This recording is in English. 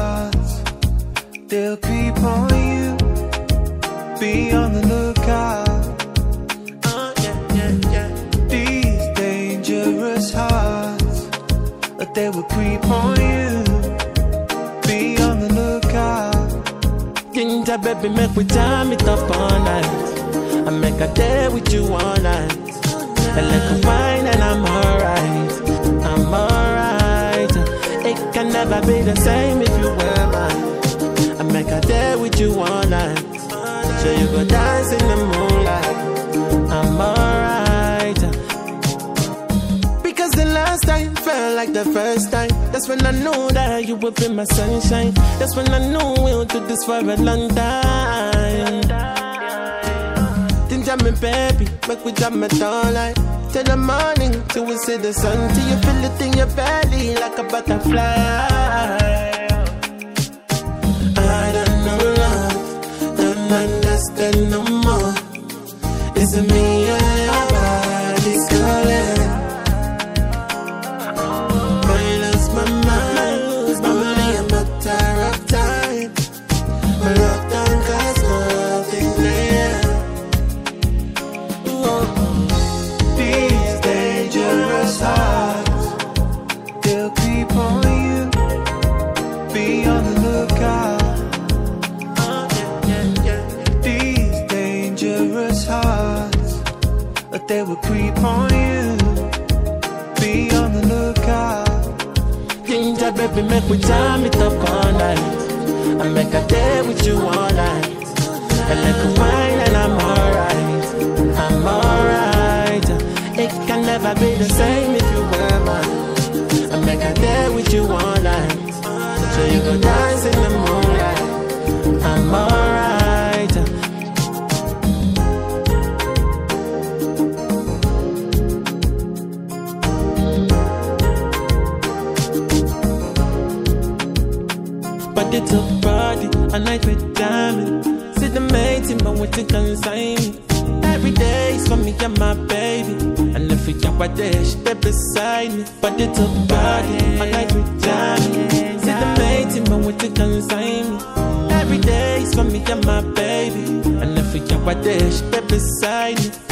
hearts, they'll creep on you. Be on the lookout. Uh, yeah, yeah, yeah. These dangerous hearts, but they will creep on you. Be on the lookout. Ginger baby, make we time it up all night. I make a day with you all night. I like a wine and I'm alright never be the same if you were mine. I make a day with you all night. So you go dance in the moonlight. I'm alright. Because the last time felt like the first time. That's when I knew that you would be my sunshine. That's when I knew we'll do this for a long time. Then jam me, baby. Make we jam it all night till the morning till we see the sun till you feel it in your belly like a butterfly. I don't know love, don't understand no more. Is it me or your body's color? they will creep on you. Be on the lookout. Hint baby, make we time it up all night. I make a day with you all night. And like a wine. It's a party, a night with diamond. See the mates in my way to consign me. Every day is for me and my baby. And every job I day, she there beside me. But it's a party, a night with diamond. See the mates in my way to consign me. Every day is for me and my baby. And every job I day, she there beside me.